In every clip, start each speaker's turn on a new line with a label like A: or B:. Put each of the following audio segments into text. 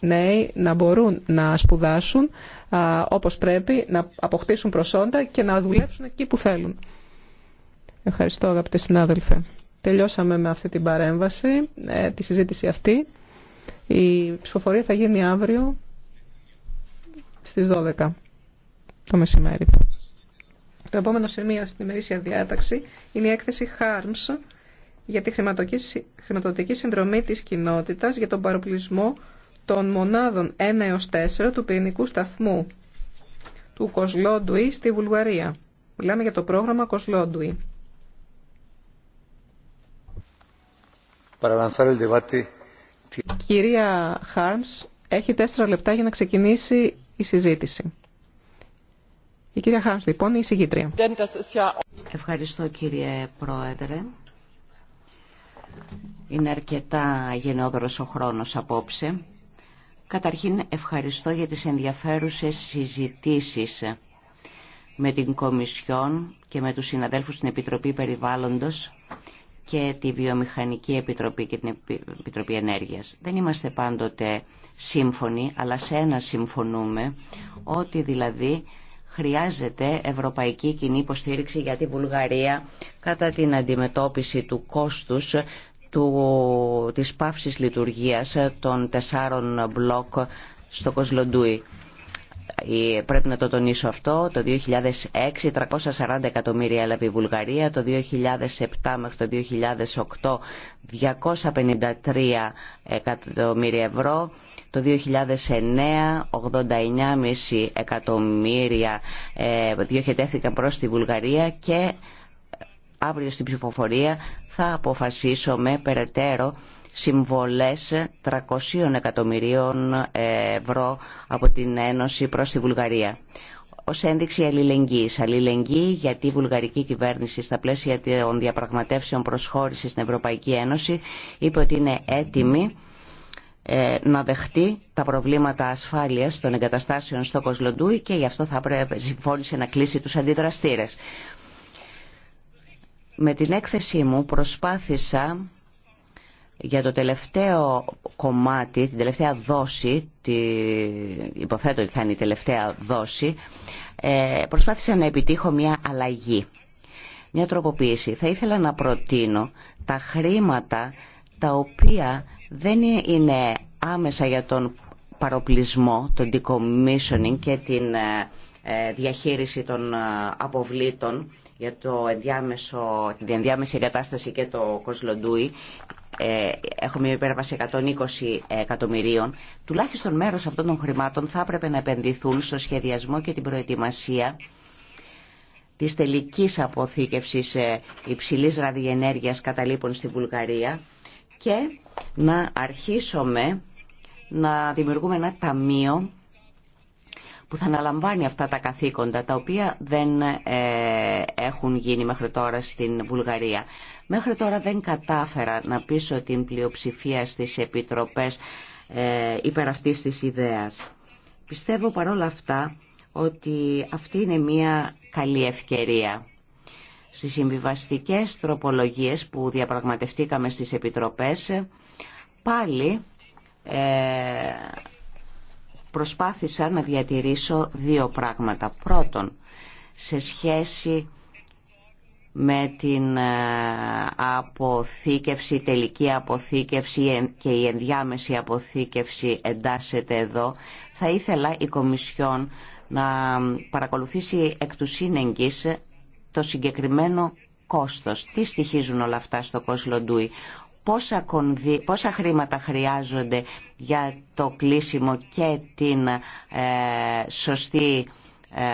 A: νέοι να μπορούν να σπουδάσουν όπως πρέπει, να αποκτήσουν προσόντα και να δουλέψουν εκεί που θέλουν. Ευχαριστώ αγαπητοί συνάδελφε. Τελειώσαμε με αυτή την παρέμβαση, ε, τη συζήτηση αυτή. Η ψηφοφορία θα γίνει αύριο στις 12 το μεσημέρι. Το επόμενο σημείο στην ημερήσια διάταξη είναι η έκθεση HARMS για τη χρηματοδοτική συνδρομή της κοινότητας για τον παροπλισμό των μονάδων 1 έως 4 του πυρηνικού σταθμού του Κοσλόντουι στη Βουλγαρία. Μιλάμε για το πρόγραμμα Κοσλόντουι. Κυρία Χάρμς, έχει τέσσερα λεπτά για να ξεκινήσει η συζήτηση. Η κυρία Χάρμς, λοιπόν, η συγγήτρια.
B: Ευχαριστώ κύριε Πρόεδρε. Είναι αρκετά γενναιόδωρος ο χρόνος απόψε. Καταρχήν ευχαριστώ για τις ενδιαφέρουσες συζητήσεις με την Κομισιόν και με τους συναδέλφους στην Επιτροπή Περιβάλλοντος και τη Βιομηχανική Επιτροπή και την Επιτροπή Ενέργειας. Δεν είμαστε πάντοτε σύμφωνοι, αλλά σε ένα συμφωνούμε, ότι δηλαδή χρειάζεται ευρωπαϊκή κοινή υποστήριξη για την Βουλγαρία κατά την αντιμετώπιση του κόστους του, της παύσης λειτουργίας των τεσσάρων μπλοκ στο Κοσλοντούι. Πρέπει να το τονίσω αυτό. Το 2006 340 εκατομμύρια έλαβε η Βουλγαρία, το 2007 μέχρι το 2008 253 εκατομμύρια ευρώ, το 2009 89,5 εκατομμύρια ε, διοχετεύθηκαν προς τη Βουλγαρία και αύριο στην ψηφοφορία θα αποφασίσουμε περαιτέρω συμβολές 300 εκατομμυρίων ευρώ από την Ένωση προς τη Βουλγαρία. Ω ένδειξη αλληλεγγύη. Αλληλεγγύη γιατί η βουλγαρική κυβέρνηση στα πλαίσια των διαπραγματεύσεων προσχώρηση στην Ευρωπαϊκή Ένωση είπε ότι είναι έτοιμη ε, να δεχτεί τα προβλήματα ασφάλειας των εγκαταστάσεων στο Κοσλοντούι και γι' αυτό θα πρέπει, συμφώνησε να κλείσει τους αντιδραστήρες. Με την έκθεσή μου προσπάθησα για το τελευταίο κομμάτι, την τελευταία δόση, τη... υποθέτω ότι θα είναι η τελευταία δόση, ε, προσπάθησα να επιτύχω μια αλλαγή, μια τροποποίηση. Θα ήθελα να προτείνω τα χρήματα τα οποία δεν είναι άμεσα για τον παροπλισμό, τον decommissioning και την ε, ε, διαχείριση των αποβλήτων για το ενδιάμεσο, την ενδιάμεση εγκατάσταση και το Κοσλοντούι ε, έχουμε μια υπέρβαση 120 εκατομμυρίων, τουλάχιστον μέρος αυτών των χρημάτων θα έπρεπε να επενδυθούν στο σχεδιασμό και την προετοιμασία της τελικής αποθήκευσης ε, υψηλής ραδιενέργειας καταλήπων στη Βουλγαρία και να αρχίσουμε να δημιουργούμε ένα ταμείο που θα αναλαμβάνει αυτά τα καθήκοντα τα οποία δεν ε, έχουν γίνει μέχρι τώρα στην Βουλγαρία. Μέχρι τώρα δεν κατάφερα να πείσω την πλειοψηφία στις επιτροπές ε, υπέρ αυτής της ιδέας. Πιστεύω παρόλα αυτά ότι αυτή είναι μια καλή ευκαιρία. Στις συμβιβαστικές τροπολογίες που διαπραγματευτήκαμε στις επιτροπές πάλι ε, προσπάθησα να διατηρήσω δύο πράγματα. Πρώτον, σε σχέση με την ε, αποθήκευση, τελική αποθήκευση και η ενδιάμεση αποθήκευση εντάσσεται εδώ, θα ήθελα η Κομισιόν να παρακολουθήσει εκ του σύνεγγυς το συγκεκριμένο κόστος. Τι στοιχίζουν όλα αυτά στο Κόσλο πόσα, πόσα χρήματα χρειάζονται για το κλείσιμο και την ε, σωστή ε,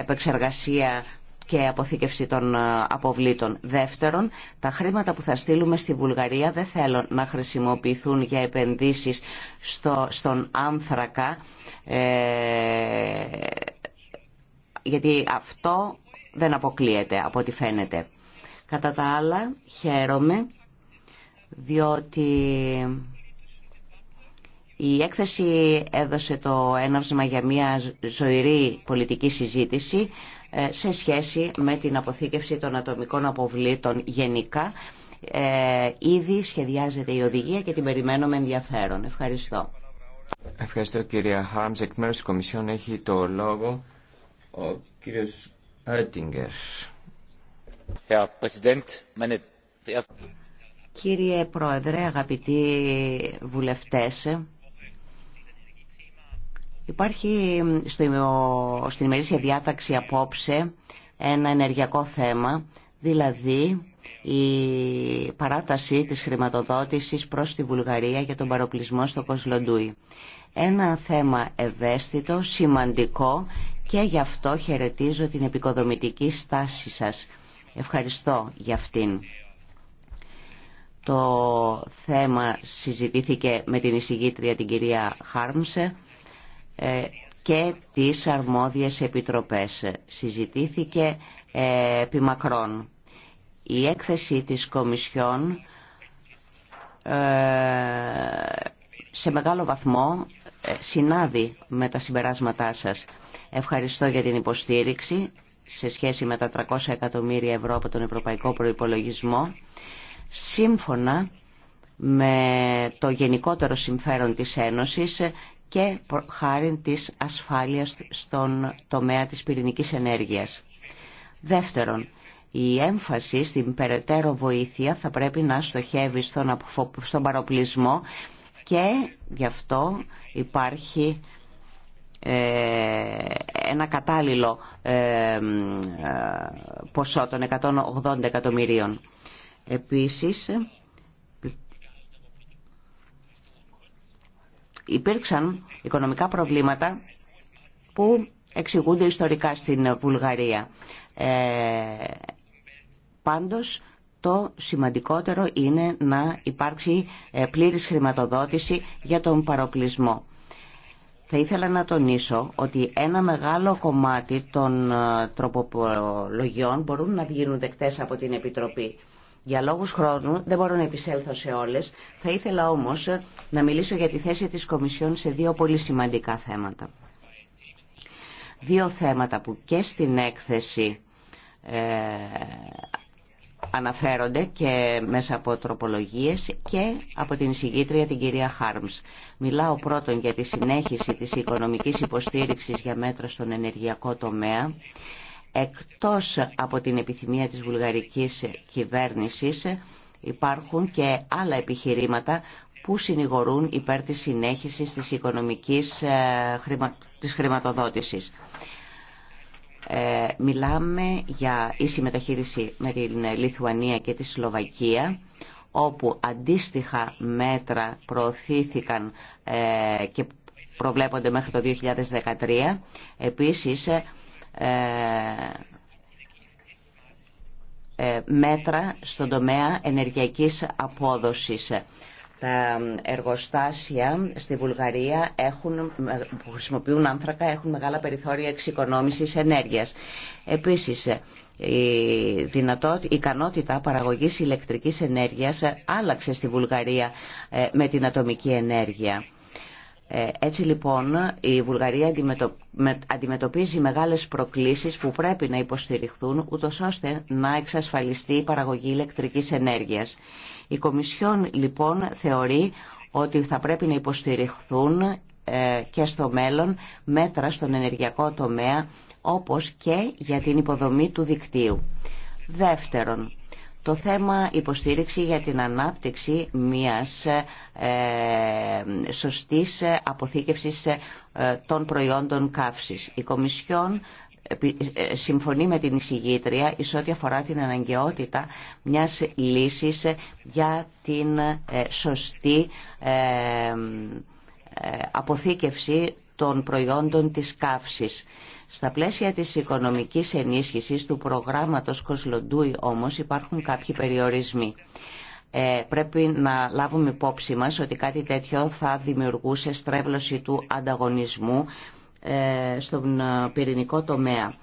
B: επεξεργασία και αποθήκευση των ε, αποβλήτων. Δεύτερον, τα χρήματα που θα στείλουμε στη Βουλγαρία δεν θέλω να χρησιμοποιηθούν για επενδύσεις στο, στον άνθρακα, ε, γιατί αυτό δεν αποκλείεται από ό,τι φαίνεται. Κατά τα άλλα, χαίρομαι διότι η έκθεση έδωσε το έναυσμα για μια ζωηρή πολιτική συζήτηση ε, σε σχέση με την αποθήκευση των ατομικών αποβλήτων γενικά. Ε, ήδη σχεδιάζεται η οδηγία και την περιμένω με ενδιαφέρον. Ευχαριστώ.
C: Ευχαριστώ κυρία Χάρμς. Εκ μέρους της Κομισιόν έχει το λόγο ο κύριος
B: Κύριε Πρόεδρε, αγαπητοί βουλευτές, υπάρχει στο, στην ημερήσια διάταξη απόψε ένα ενεργειακό θέμα, δηλαδή η παράταση της χρηματοδότησης προς τη Βουλγαρία για τον παροπλισμό στο Κοσλοντούι. Ένα θέμα ευαίσθητο, σημαντικό και γι' αυτό χαιρετίζω την επικοδομητική στάση σας. Ευχαριστώ για αυτήν. Το θέμα συζητήθηκε με την εισηγήτρια την κυρία Χάρμσε ε, και τις αρμόδιες επιτροπές. Συζητήθηκε ε, επί μακρόν. Η έκθεση της Κομισιόν ε, σε μεγάλο βαθμό συνάδει με τα συμπεράσματά σας. Ευχαριστώ για την υποστήριξη σε σχέση με τα 300 εκατομμύρια ευρώ από τον Ευρωπαϊκό Προϋπολογισμό σύμφωνα με το γενικότερο συμφέρον της Ένωσης και χάρη της ασφάλειας στον τομέα της πυρηνικής ενέργειας. Δεύτερον, η έμφαση στην περαιτέρω βοήθεια θα πρέπει να στοχεύει στον, στον παροπλισμό και γι' αυτό υπάρχει ε, ένα κατάλληλο ε, ε, ποσό των 180 εκατομμυρίων. Επίσης, υπήρξαν οικονομικά προβλήματα που εξηγούνται ιστορικά στην Βουλγαρία. Ε, πάντως, το σημαντικότερο είναι να υπάρξει ε, πλήρης χρηματοδότηση για τον παροπλισμό. Θα ήθελα να τονίσω ότι ένα μεγάλο κομμάτι των ε, τροπολογιών μπορούν να γίνουν δεκτές από την Επιτροπή. Για λόγους χρόνου δεν μπορώ να επισέλθω σε όλες. Θα ήθελα όμως να μιλήσω για τη θέση της Κομισιόν σε δύο πολύ σημαντικά θέματα. Δύο θέματα που και στην έκθεση ε, αναφέρονται και μέσα από τροπολογίες και από την εισηγήτρια την κυρία Χάρμς. Μιλάω πρώτον για τη συνέχιση της οικονομικής υποστήριξης για μέτρα στον ενεργειακό τομέα εκτός από την επιθυμία της βουλγαρικής κυβέρνησης υπάρχουν και άλλα επιχειρήματα που συνηγορούν υπέρ της συνέχισης της οικονομικής ε, της χρηματοδότησης. Ε, μιλάμε για ίση μεταχείριση με την Λιθουανία και τη Σλοβακία όπου αντίστοιχα μέτρα προωθήθηκαν ε, και προβλέπονται μέχρι το 2013. Επίσης, ε, ε, μέτρα στον τομέα ενεργειακής απόδοσης. Τα εργοστάσια στη Βουλγαρία έχουν, που χρησιμοποιούν άνθρακα έχουν μεγάλα περιθώρια εξοικονόμησης ενέργειας. Επίσης, η, δυνατότητα, η ικανότητα παραγωγής ηλεκτρικής ενέργειας άλλαξε στη Βουλγαρία ε, με την ατομική ενέργεια. Ε, έτσι λοιπόν η Βουλγαρία αντιμετωπίζει μεγάλες προκλήσεις που πρέπει να υποστηριχθούν ούτως ώστε να εξασφαλιστεί η παραγωγή ηλεκτρικής ενέργειας. Η Κομισιόν λοιπόν θεωρεί ότι θα πρέπει να υποστηριχθούν ε, και στο μέλλον μέτρα στον ενεργειακό τομέα όπως και για την υποδομή του δικτύου. Δεύτερον, το θέμα υποστήριξη για την ανάπτυξη μιας ε, σωστής αποθήκευσης ε, των προϊόντων καύσης. Η Κομισιόν ε, συμφωνεί με την εισηγήτρια εις ό,τι αφορά την αναγκαιότητα μιας λύσης για την σωστή αποθήκευση των προϊόντων της καύσης. Στα πλαίσια της οικονομικής ενίσχυσης του προγράμματος Κοσλοντούι όμως υπάρχουν κάποιοι περιορισμοί. Ε, πρέπει να λάβουμε υπόψη μας ότι κάτι τέτοιο θα δημιουργούσε στρέβλωση του ανταγωνισμού ε, στον ε, πυρηνικό τομέα.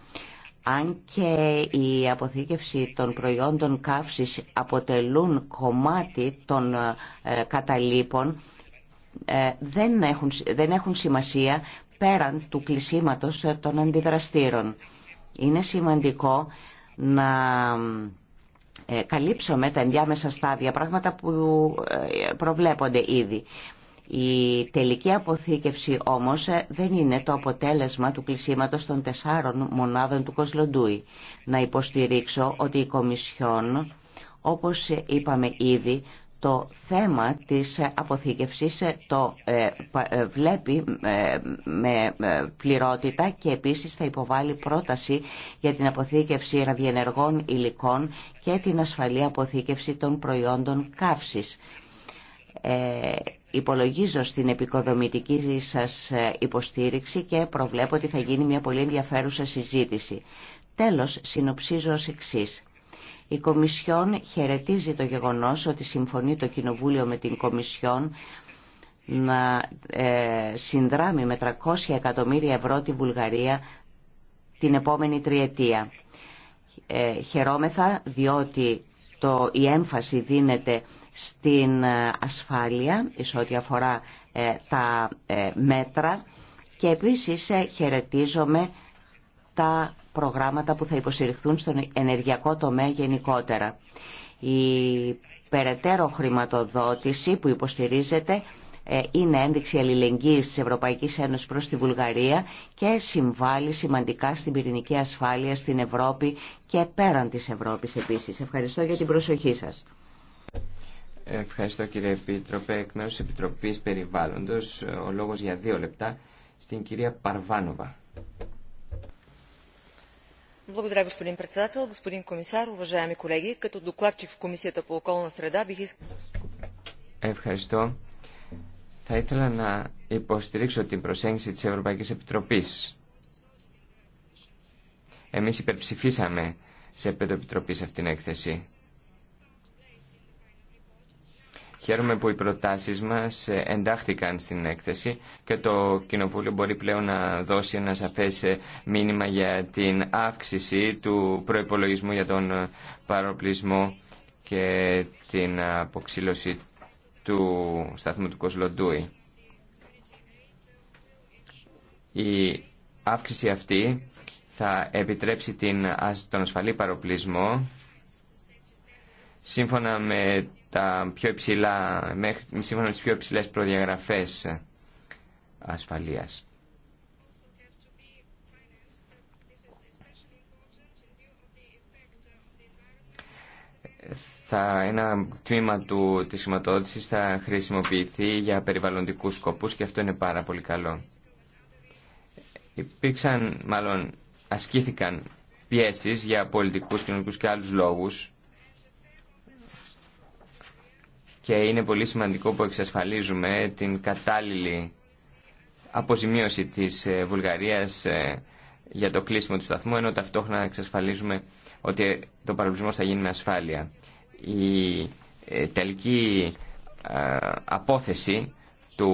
B: Αν και η αποθήκευση των προϊόντων καύσης αποτελούν κομμάτι των ε, καταλήπων, ε, δεν δεν έχουν σημασία πέραν του κλεισίματος ε, των αντιδραστήρων. Είναι σημαντικό να ε, καλύψουμε τα ενδιάμεσα στάδια, πράγματα που ε, προβλέπονται ήδη. Η τελική αποθήκευση όμως δεν είναι το αποτέλεσμα του κλεισίματος των τεσσάρων μονάδων του Κοσλοντούι. Να υποστηρίξω ότι η Κομισιόν, όπως είπαμε ήδη, το θέμα της αποθήκευσης το ε, ε, βλέπει ε, με πληρότητα και επίσης θα υποβάλει πρόταση για την αποθήκευση ραδιενεργών υλικών και την ασφαλή αποθήκευση των προϊόντων καύσης. Υπολογίζω στην επικοδομητική σας υποστήριξη και προβλέπω ότι θα γίνει μια πολύ ενδιαφέρουσα συζήτηση. Τέλος, συνοψίζω ως εξής. Η Κομισιόν χαιρετίζει το γεγονός ότι συμφωνεί το Κοινοβούλιο με την Κομισιόν να ε, συνδράμει με 300 εκατομμύρια ευρώ τη Βουλγαρία την επόμενη τριετία. Ε, χαιρόμεθα διότι το, η έμφαση δίνεται στην ε, ασφάλεια σε ό,τι αφορά τα μέτρα και επίσης χαιρετίζομαι τα προγράμματα που θα υποστηριχθούν στον ενεργειακό τομέα γενικότερα. Η περαιτέρω χρηματοδότηση που υποστηρίζεται ε, είναι ένδειξη αλληλεγγύης της Ευρωπαϊκής Ένωσης προς τη Βουλγαρία και συμβάλλει σημαντικά στην πυρηνική ασφάλεια στην Ευρώπη και πέραν της Ευρώπης επίσης. Ευχαριστώ για την προσοχή σας.
C: Ευχαριστώ κύριε Επίτροπε. Εκ μέρους Επιτροπής Περιβάλλοντος, ο λόγος για δύο λεπτά στην κυρία Παρβάνοβα.
A: Благодаря, господин председател. Господин комисар, уважаеми колеги, като докладчик в Комисията по околна
B: среда бих искал...
C: Ευχαριστώ. Θα ήθελα να υποστηρίξω την προσέγγιση της Ευρωπαϊκής Επιτροπής. Εμείς υπερψηφίσαμε σε επίπεδο επιτροπής αυτήν την έκθεση. Χαίρομαι που οι προτάσεις μας εντάχθηκαν στην έκθεση και το Κοινοβούλιο μπορεί πλέον να δώσει ένα σαφές μήνυμα για την αύξηση του προϋπολογισμού για τον παροπλισμό και την αποξύλωση του σταθμού του Κοσλοντούι. Η αύξηση αυτή θα επιτρέψει την, τον ασφαλή παροπλισμό σύμφωνα με, τα πιο υψηλά, σύμφωνα με τις πιο υψηλές προδιαγραφές ασφαλείας. Θα, ένα τμήμα του, της χρηματοδότησης θα χρησιμοποιηθεί για περιβαλλοντικούς σκοπούς και αυτό είναι πάρα πολύ καλό. Υπήρξαν, μάλλον ασκήθηκαν πιέσεις για πολιτικούς, κοινωνικούς και άλλους λόγους και είναι πολύ σημαντικό που εξασφαλίζουμε την κατάλληλη αποζημίωση της ε, Βουλγαρίας ε, για το κλείσιμο του σταθμού, ενώ ταυτόχρονα εξασφαλίζουμε ότι το παρελθισμό θα γίνει με ασφάλεια. Η ε, τελική απόθεση του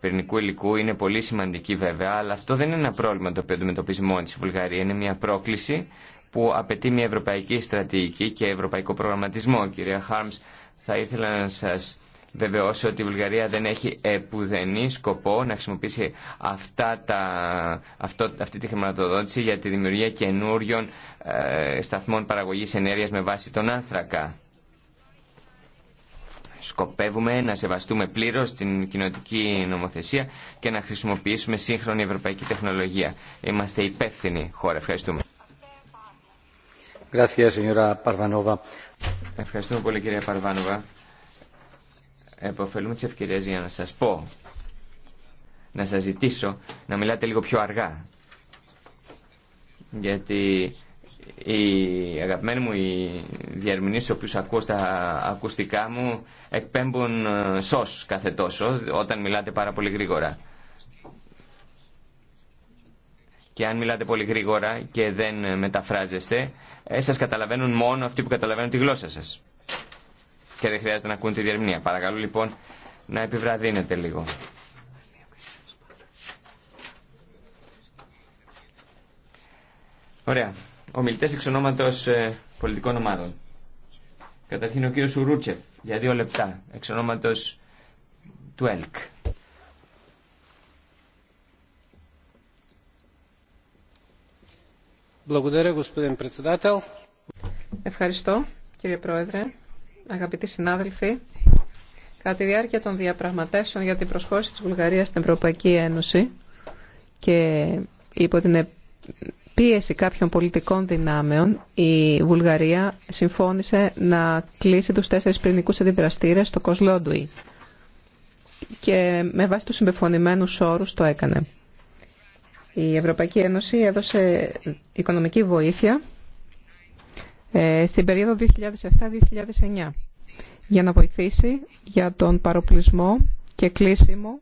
C: πυρηνικού υλικού είναι πολύ σημαντική βέβαια, αλλά αυτό δεν είναι ένα πρόβλημα το οποίο αντιμετωπίζει μόνη τη Βουλγαρία. Είναι μια πρόκληση που απαιτεί μια ευρωπαϊκή στρατηγική και ευρωπαϊκό προγραμματισμό. Κυρία Χάρμς, θα ήθελα να σας βεβαιώσω ότι η Βουλγαρία δεν έχει επουδενή σκοπό να χρησιμοποιήσει αυτά τα, αυτό, αυτή τη χρηματοδότηση για τη δημιουργία καινούριων ε, σταθμών παραγωγής ενέργειας με βάση τον άνθρακα. Σκοπεύουμε να σεβαστούμε πλήρως την κοινοτική νομοθεσία και να χρησιμοποιήσουμε σύγχρονη ευρωπαϊκή τεχνολογία. Είμαστε υπεύθυνοι χώρα. Ευχαριστούμε. Ευχαριστούμε πολύ κυρία Παρβάνοβα. Εποφελούμε τις ευκαιρίες για να σας πω, να σας ζητήσω να μιλάτε λίγο πιο αργά. Γιατί η αγαπημένη μου οι διερμηνείς, οποίους ακούω στα ακουστικά μου, εκπέμπουν ε, σως κάθε τόσο όταν μιλάτε πάρα πολύ γρήγορα και αν μιλάτε πολύ γρήγορα και δεν μεταφράζεστε, ε, καταλαβαίνουν μόνο αυτοί που καταλαβαίνουν τη γλώσσα σας. Και δεν χρειάζεται να ακούν τη διερμηνία. Παρακαλώ λοιπόν να επιβραδύνετε λίγο. Ωραία. Ομιλητές εξ ονόματος ε, πολιτικών ομάδων. Καταρχήν ο κύριος Ουρούτσεφ για δύο λεπτά εξ ονόματος του ΕΛΚ.
A: Ευχαριστώ, κύριε Πρόεδρε. Αγαπητοί συνάδελφοι, κατά τη διάρκεια των διαπραγματεύσεων για την προσχώρηση της Βουλγαρίας στην Ευρωπαϊκή Ένωση και υπό την πίεση κάποιων πολιτικών δυνάμεων, η Βουλγαρία συμφώνησε να κλείσει τους τέσσερις πυρηνικούς αντιδραστήρες στο Κοσλόντουι και με βάση τους συμπεφωνημένους όρους το έκανε. Η Ευρωπαϊκή Ένωση έδωσε οικονομική βοήθεια ε, στην περίοδο 2007-2009 για να βοηθήσει για τον παροπλισμό και κλείσιμο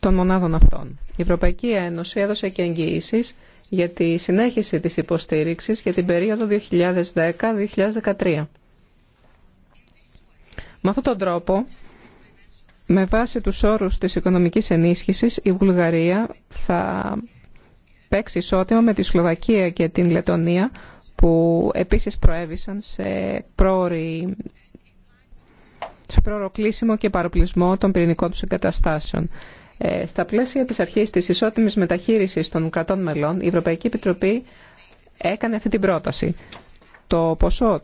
A: των μονάδων αυτών. Η Ευρωπαϊκή Ένωση έδωσε και εγγυήσει για τη συνέχιση της υποστήριξης για την περίοδο 2010-2013. Με αυτόν τον τρόπο με βάση τους όρους της οικονομικής ενίσχυσης, η Βουλγαρία θα παίξει ισότιμο με τη Σλοβακία και την Λετωνία, που επίσης προέβησαν σε πρόορη σε και παροπλισμό των πυρηνικών του εγκαταστάσεων. Ε, στα πλαίσια της αρχής της ισότιμης μεταχείρισης των κρατών μελών, η Ευρωπαϊκή Επιτροπή έκανε αυτή την πρόταση. Το ποσό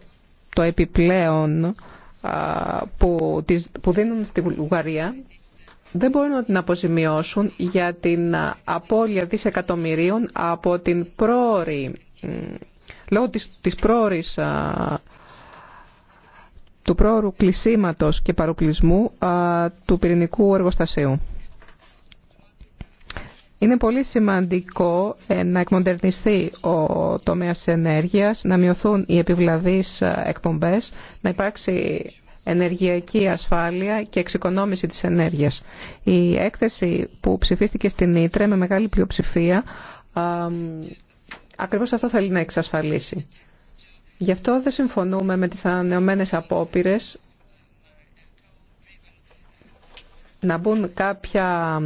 A: το επιπλέον που, δίνουν στη Βουλγαρία δεν μπορούν να την αποζημιώσουν για την απώλεια δισεκατομμυρίων από την πρόορη, λόγω της, της του πρόορου κλεισίματος και παροπλισμού του πυρηνικού εργοστασίου. Είναι πολύ σημαντικό ε, να εκμοντερνιστεί ο τομέας τη ενέργειας, να μειωθούν οι επιβλαβείς ε, εκπομπές, να υπάρξει ενεργειακή ασφάλεια και εξοικονόμηση της ενέργειας. Η έκθεση που ψηφίστηκε στην Ήτρε με μεγάλη πλειοψηφία ακριβώς αυτό θέλει να εξασφαλίσει. Γι' αυτό δεν συμφωνούμε με τις ανανεωμένες απόπειρε να μπουν κάποια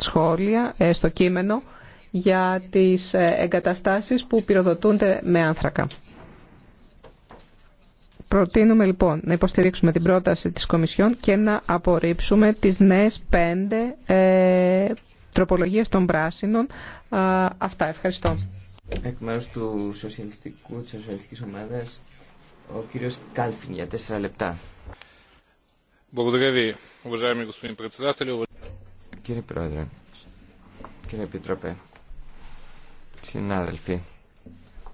A: σχόλια ε, στο κείμενο για τις ε, εγκαταστάσεις που πυροδοτούνται με άνθρακα. Προτείνουμε λοιπόν να υποστηρίξουμε την πρόταση της Κομισιόν και να απορρίψουμε τις νέες πέντε ε, τροπολογίες των πράσινων. αυτά, ευχαριστώ.
C: Εκ μέρους του Σοσιαλιστικού, της Σοσιαλιστικής Ομάδας, ο κύριος Κάλφιν για τέσσερα λεπτά. Κύριε Πρόεδρε, κύριε Επίτροπε, συνάδελφοι,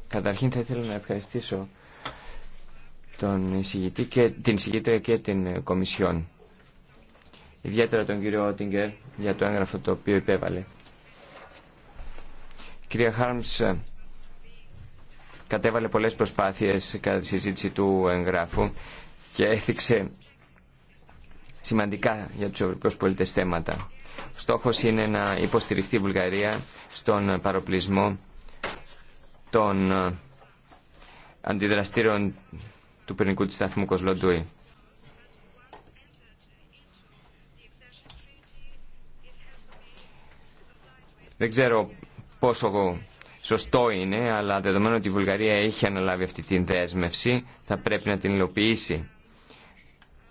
C: καταρχήν θα ήθελα να ευχαριστήσω τον εισηγητή και, την εισηγήτρια και την Κομισιόν. Ιδιαίτερα τον κύριο Ότιγκερ για το έγγραφο το οποίο υπέβαλε. Κυρία Χάρμς, κατέβαλε πολλές προσπάθειες κατά τη συζήτηση του εγγράφου και έθιξε σημαντικά για τους ευρωπαίους πολίτες θέματα. Στόχος είναι να υποστηριχθεί η Βουλγαρία στον παροπλισμό των ε, αντιδραστήρων του πυρηνικού της σταθμού Κοσλοντούι. Δεν ξέρω πόσο σωστό είναι, αλλά δεδομένου ότι η Βουλγαρία έχει αναλάβει αυτή την δέσμευση, θα πρέπει να την υλοποιήσει.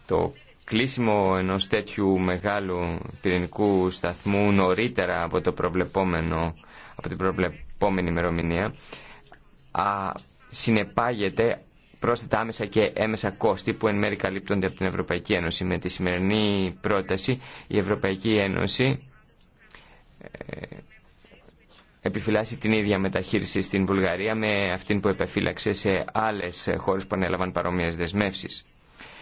C: Το κλείσιμο ενός τέτοιου μεγάλου πυρηνικού σταθμού νωρίτερα από, το προβλεπόμενο, από την προβλεπόμενη ημερομηνία α, συνεπάγεται πρόσθετα άμεσα και έμεσα κόστη που εν μέρει καλύπτονται από την Ευρωπαϊκή Ένωση. Με τη σημερινή πρόταση η Ευρωπαϊκή Ένωση ε, επιφυλάσσει την ίδια μεταχείριση στην Βουλγαρία με αυτήν που επεφύλαξε σε άλλες χώρες που ανέλαβαν παρόμοιες δεσμεύσεις.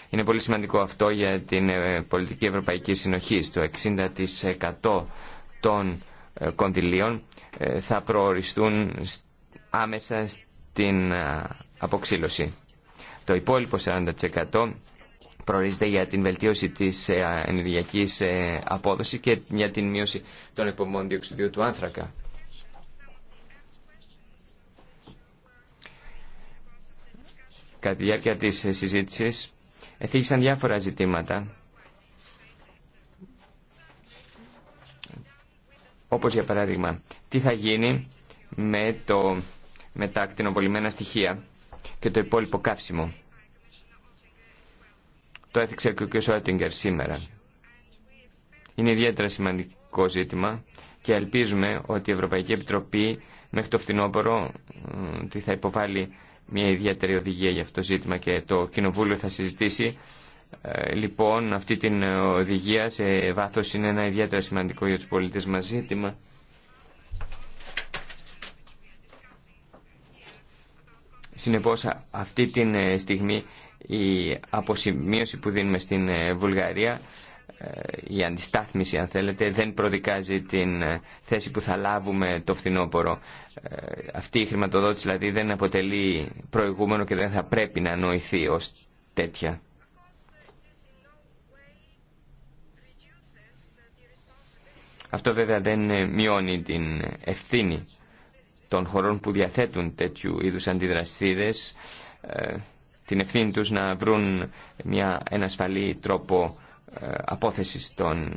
C: Είναι πολύ σημαντικό αυτό για την ε, πολιτική ευρωπαϊκή συνοχή. Το 60% των ε, κονδυλίων ε, θα προοριστούν άμεσα στην αποξήλωση. Το υπόλοιπο 40% προορίζεται για την βελτίωση της ενεργειακής απόδοσης και για την μείωση των επομών διοξιδίου του άνθρακα. Κατά τη διάρκεια της συζήτησης έθιξαν διάφορα ζητήματα, όπως για παράδειγμα, τι θα γίνει με, το, με τα ακτινοπολιμένα στοιχεία και το υπόλοιπο καύσιμο. Το έθιξε και ο κ. Σότιγκερ σήμερα. Είναι ιδιαίτερα σημαντικό ζήτημα και ελπίζουμε ότι η Ευρωπαϊκή Επιτροπή μέχρι το φθινόπωρο ε, θα υποβάλει μια ιδιαίτερη οδηγία για αυτό το ζήτημα και το Κοινοβούλιο θα συζητήσει. Ε, λοιπόν, αυτή την οδηγία σε βάθος είναι ένα ιδιαίτερα σημαντικό για τους πολίτες μας ζήτημα. Συνεπώς, αυτή τη ε, στιγμή η αποσημείωση που δίνουμε στην ε, Βουλγαρία ε, η αντιστάθμιση αν θέλετε δεν προδικάζει την ε, θέση που θα λάβουμε το φθινόπωρο. Ε, αυτή η χρηματοδότηση δηλαδή δεν αποτελεί προηγούμενο και δεν θα πρέπει να νοηθεί ως τέτοια. Αυτό βέβαια δεν μειώνει την ευθύνη των χωρών που διαθέτουν τέτοιου είδους αντιδραστήδες, την ευθύνη τους να βρουν μια, ένα ασφαλή τρόπο ε, απόθεσης των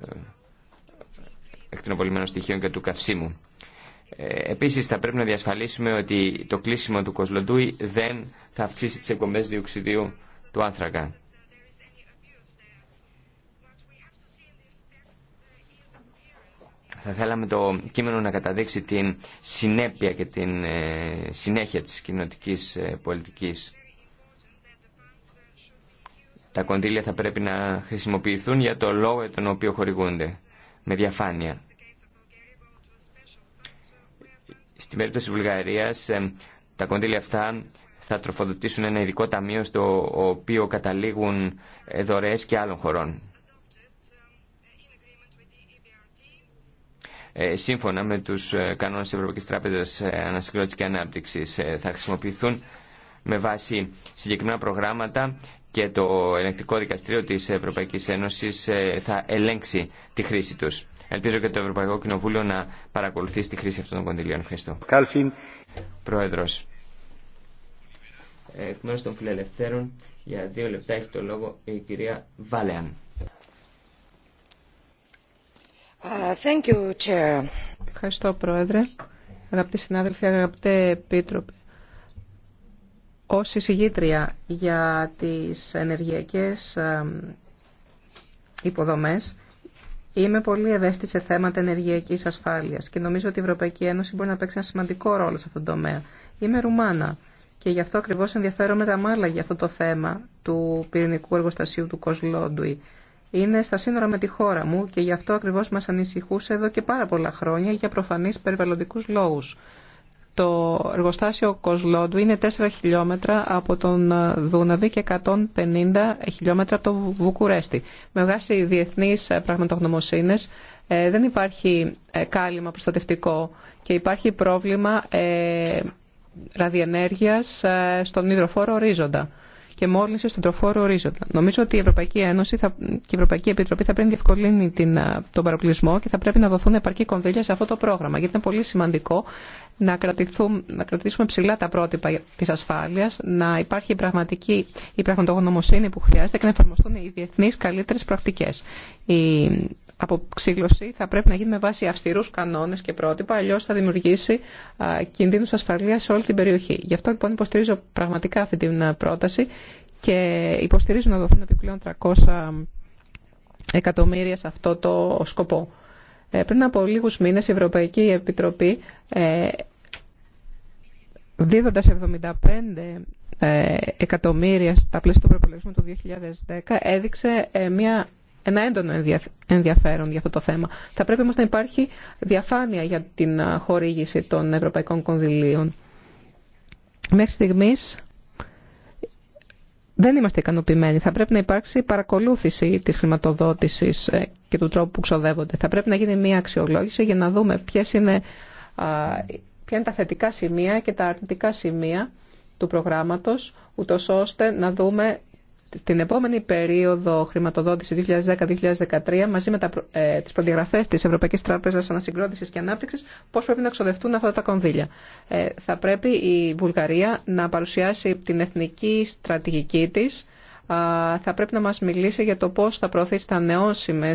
C: ε, εκτινοπολιμένων στοιχείων και του καυσίμου. Ε, επίσης θα πρέπει να διασφαλίσουμε ότι το κλείσιμο του Κοσλοντούι δεν θα αυξήσει τις εκπομπές διοξιδίου του άνθρακα. Θα θέλαμε το κείμενο να καταδείξει την συνέπεια και την συνέχεια της κοινωτικής πολιτικής. Τα κονδύλια θα πρέπει να χρησιμοποιηθούν για το λόγο τον οποίο χορηγούνται, με διαφάνεια. Στην περίπτωση της Βουλγαρίας, τα κονδύλια αυτά θα τροφοδοτήσουν ένα ειδικό ταμείο στο οποίο καταλήγουν δωρεές και άλλων χωρών. Ε, σύμφωνα με τους ε, κανόνες της Ευρωπαϊκής Τράπεζας ε, Ανασυγκρότησης και Ανάπτυξης θα χρησιμοποιηθούν με βάση συγκεκριμένα προγράμματα και το ελεγκτικό δικαστήριο της Ευρωπαϊκής Ένωσης ε, θα ελέγξει τη χρήση τους. Ελπίζω και το Ευρωπαϊκό Κοινοβούλιο να παρακολουθεί τη χρήση αυτών των κονδυλίων. Ευχαριστώ. Κάλφιν. Πρόεδρος. Ε, εκ μέρους των φιλελευθέρων, για δύο λεπτά έχει το λόγο η κυρία Βάλεαν.
A: Ε, thank you, Chair. Ευχαριστώ, Πρόεδρε. Αγαπητοί συνάδελφοι, αγαπητέ επίτροπε. Ως εισηγήτρια για τις ενεργειακές υποδομές, είμαι πολύ ευαίσθητη σε θέματα ενεργειακής ασφάλειας και νομίζω ότι η Ευρωπαϊκή Ένωση μπορεί να παίξει ένα σημαντικό ρόλο σε αυτόν τον τομέα. Είμαι Ρουμάνα και γι' αυτό ακριβώς ενδιαφέρομαι τα μάλα για αυτό το θέμα του πυρηνικού εργοστασίου του Κοσλόντουι. Είναι στα σύνορα με τη χώρα μου και γι' αυτό ακριβώς μας ανησυχούσε εδώ και πάρα πολλά χρόνια για προφανείς περιβαλλοντικούς λόγους. Το εργοστάσιο Κοσλόντου είναι 4 χιλιόμετρα από τον ε, Δούναβη και 150 χιλιόμετρα από το Βουκουρέστι. Με βάση διεθνείς ε, πραγματογνωμοσύνες ε, δεν υπάρχει κάλυμα προστατευτικό και υπάρχει πρόβλημα ραδιενέργειας στον υδροφόρο ορίζοντα και μόλυνση στον τροφόρο ορίζοντα. Νομίζω ότι η Ευρωπαϊκή Ένωση θα, και η Ευρωπαϊκή Επιτροπή θα πρέπει να διευκολύνει την, τον παροπλισμό και θα πρέπει να δοθούν επαρκή κονδύλια σε αυτό το πρόγραμμα. Γιατί είναι πολύ σημαντικό να, να κρατήσουμε ψηλά τα πρότυπα τη ασφάλεια, να υπάρχει η πραγματική η πραγματογνωμοσύνη που χρειάζεται και να εφαρμοστούν οι διεθνεί καλύτερε πρακτικέ. Η αποξύλωση θα πρέπει να γίνει με βάση αυστηρού κανόνε και πρότυπα, αλλιώ θα δημιουργήσει κινδύνου ασφαλεία σε όλη την περιοχή. Γι' αυτό λοιπόν υποστηρίζω πραγματικά αυτή την πρόταση και υποστηρίζω να δοθούν επιπλέον 300 εκατομμύρια σε αυτό το σκοπό. Ε, πριν από λίγους μήνες η Ευρωπαϊκή Επιτροπή ε, δίδοντας 75 ε, εκατομμύρια στα πλαίσια του προπολογισμού του 2010 έδειξε ε, μια ένα έντονο ενδιαφέρον για αυτό το θέμα. Θα πρέπει όμως να υπάρχει διαφάνεια για την χορήγηση των ευρωπαϊκών κονδυλίων. Μέχρι στιγμής δεν είμαστε ικανοποιημένοι. Θα πρέπει να υπάρξει παρακολούθηση της χρηματοδότησης ε, και του τρόπου που ξοδεύονται. Θα πρέπει να γίνει μια αξιολόγηση για να δούμε ποιες είναι, ποια είναι τα θετικά σημεία και τα αρνητικά σημεία του προγράμματος, ούτω ώστε να δούμε την επόμενη περίοδο χρηματοδότηση 2010-2013 μαζί με τα, ε, τις προδιαγραφές της Ευρωπαϊκής Τράπεζας Ανασυγκρότησης και Ανάπτυξης πώς πρέπει να ξοδευτούν αυτά τα κονδύλια. Ε, θα πρέπει η Βουλγαρία να παρουσιάσει την εθνική στρατηγική της θα πρέπει να μας μιλήσει για το πώς θα προωθήσει τα νεώσιμε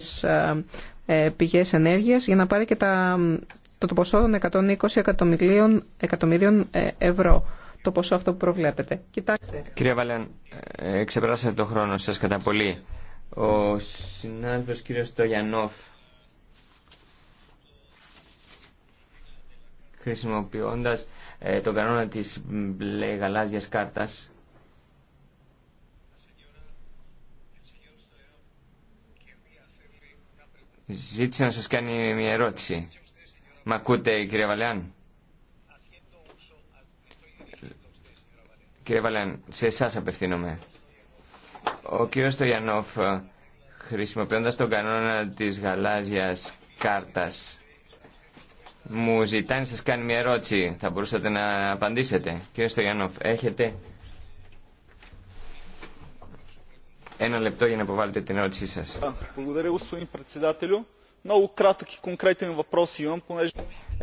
A: ε, πηγές ενέργειας για να πάρει και τα, το, το ποσό των 120 εκατομμυρίων ε, ευρώ το ποσό αυτό που προβλέπετε. Κοιτάξτε.
C: Κυρία Βαλέν, ε, το χρόνο σας κατά πολύ. Ο συνάδελφος κύριος Στογιανόφ χρησιμοποιώντας ε, τον κανόνα της μπλε γαλάζιας κάρτας ζήτησε να σας κάνει μια ερώτηση. Μ' ακούτε κύριε Βαλέαν. Κύριε Βαλέν, σε εσά απευθύνομαι. Ο κύριο Στοιανόφ, ε, χρησιμοποιώντα τον κανόνα τη γαλάζια κάρτα, μου ζητάει να σα κάνει μια ερώτηση. Θα μπορούσατε να απαντήσετε. Κύριε Στοιανόφ, έχετε ένα λεπτό για να αποβάλλετε την ερώτησή σα.